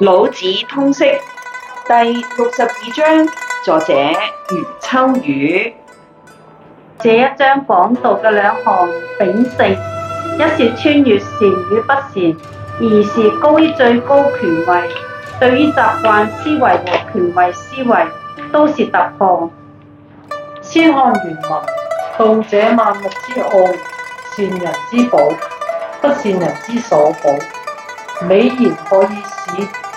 老子通識第六十二章，作者余秋雨。這一章講到嘅兩項秉性，一是穿越善與不善，二是高於最高權位。對於習慣思維和權位思維，都是突破。先看原文：道者，萬物之奧，善人之寶，不善人之所保。美言可以使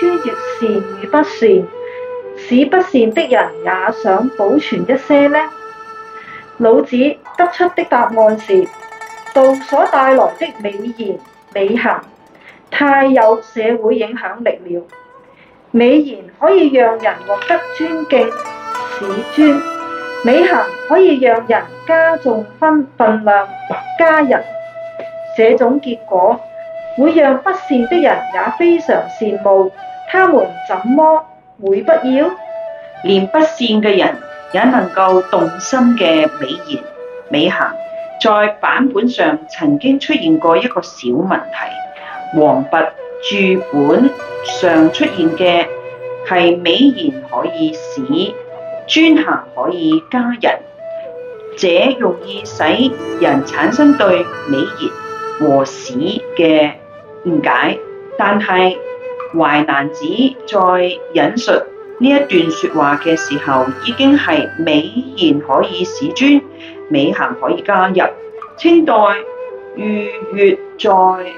超越善與不善，使不善的人也想保存一些呢？老子得出的答案是：道所帶來的美言、美行，太有社會影響力了。美言可以讓人獲得尊敬，使尊；美行可以讓人加重分分量，加人，這種結果。會讓不善的人也非常羨慕，他們怎麼會不要？連不善嘅人也能夠動心嘅美言美行，在版本上曾經出現過一個小問題，王弼注本上出現嘅係美言可以市，尊行可以加人，這容易使人產生對美言和市嘅。唔解，但係淮南子在引述呢一段説話嘅時候，已經係美言可以史尊，美行可以加入。清代俞樾在《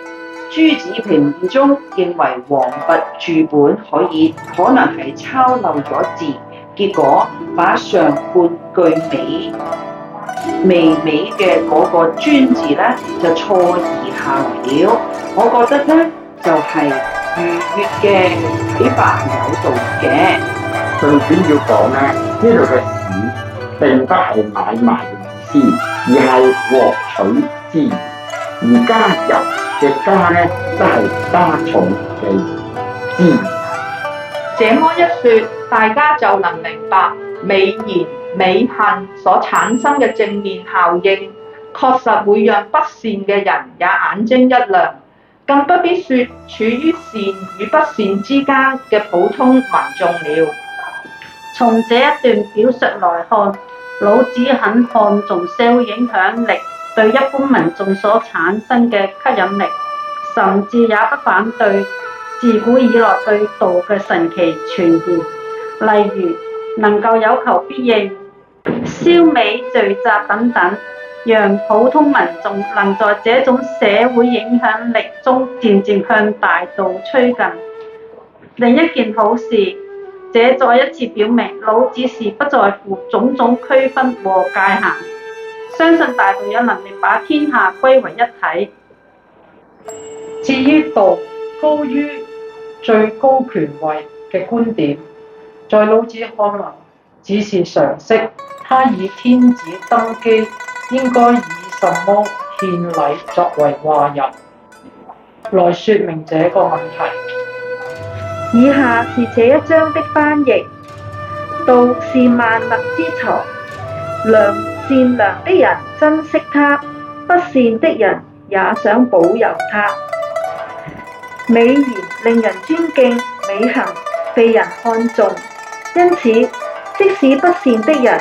朱子平義》中認為王弼注本可以可能係抄漏咗字，結果把上半句美。微微嘅嗰個專字咧就錯而下表，我覺得咧就係、是、儒月嘅睇法，有道理嘅。順便要講咧，呢度嘅市，並不係買賣嘅意思，而係獲取之。而加入嘅加咧，都係加重嘅之意。這麼一說，大家就能明白美言。美行所產生嘅正面效應，確實會讓不善嘅人也眼睛一亮，更不必說處於善與不善之間嘅普通民眾了。從這一段表述來看，老子很看重社會影響力對一般民眾所產生嘅吸引力，甚至也不反對自古以來對道嘅神奇傳言，例如能夠有求必應。消弭聚集等等，讓普通民眾能在這種社會影響力中漸漸向大道趨近。另一件好事，這再一次表明老子是不在乎種種區分和界限，相信大道有能力把天下歸為一體。至於道高於最高權位嘅觀點，在老子看來，只是常識。他以天子登基應該以什麼獻禮作為話入，來說明這個問題。以下是這一章的翻譯：道是萬物之財，良善良的人珍惜他，不善的人也想保佑他。美言令人尊敬，美行被人看重，因此即使不善的人。